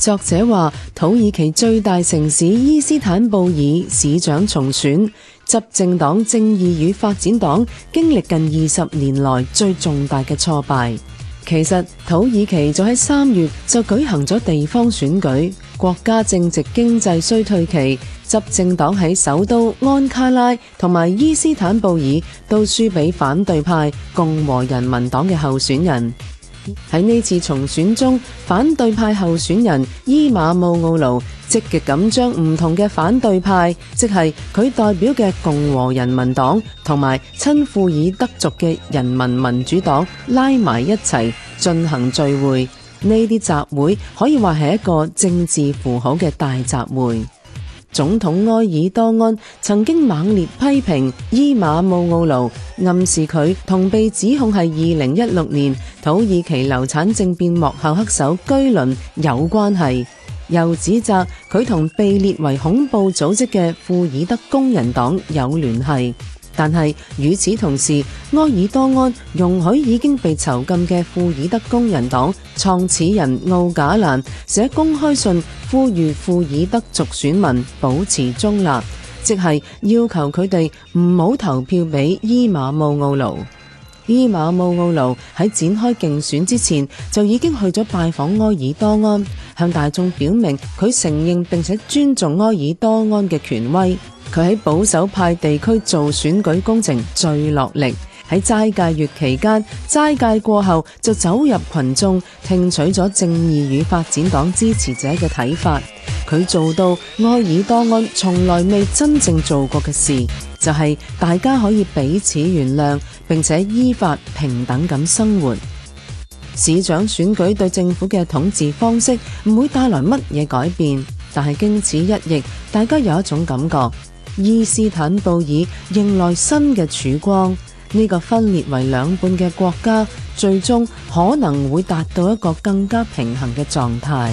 作者話：土耳其最大城市伊斯坦布爾市長重選，執政黨正義與發展黨經歷近二十年來最重大嘅挫敗。其實土耳其就喺三月就舉行咗地方選舉，國家正值經濟衰退期，執政黨喺首都安卡拉同埋伊斯坦布爾都輸俾反對派共和人民黨嘅候選人。喺呢次重選中，反對派候選人伊馬姆奧盧積極咁將唔同嘅反對派，即係佢代表嘅共和人民黨同埋親庫爾德族嘅人民民主黨拉埋一齊進行聚會。呢啲集會可以話係一個政治符號嘅大集會。總統埃爾多安曾經猛烈批評伊馬姆奧盧，暗示佢同被指控係二零一六年土耳其流產政變幕後黑手居倫有關係，又指責佢同被列為恐怖組織嘅庫爾德工人黨有聯繫。但係，與此同時，埃爾多安容許已經被囚禁嘅庫爾德工人黨創始人奧賈蘭寫公開信，呼籲庫爾德族選民保持中立，即係要求佢哋唔好投票俾伊馬姆奧盧。伊馬姆奧盧喺展開競選之前就已經去咗拜訪埃爾多安，向大眾表明佢承認並且尊重埃爾多安嘅權威。佢喺保守派地區做選舉工程最落力，喺齋戒月期間，齋戒過後就走入群眾，聽取咗正義與發展黨支持者嘅睇法。佢做到愛爾多安從來未真正做過嘅事，就係大家可以彼此原諒，並且依法平等咁生活。市長選舉對政府嘅統治方式唔會帶來乜嘢改變，但係經此一役，大家有一種感覺。伊斯坦布爾迎來新嘅曙光，呢個分裂為兩半嘅國家，最終可能會達到一個更加平衡嘅狀態。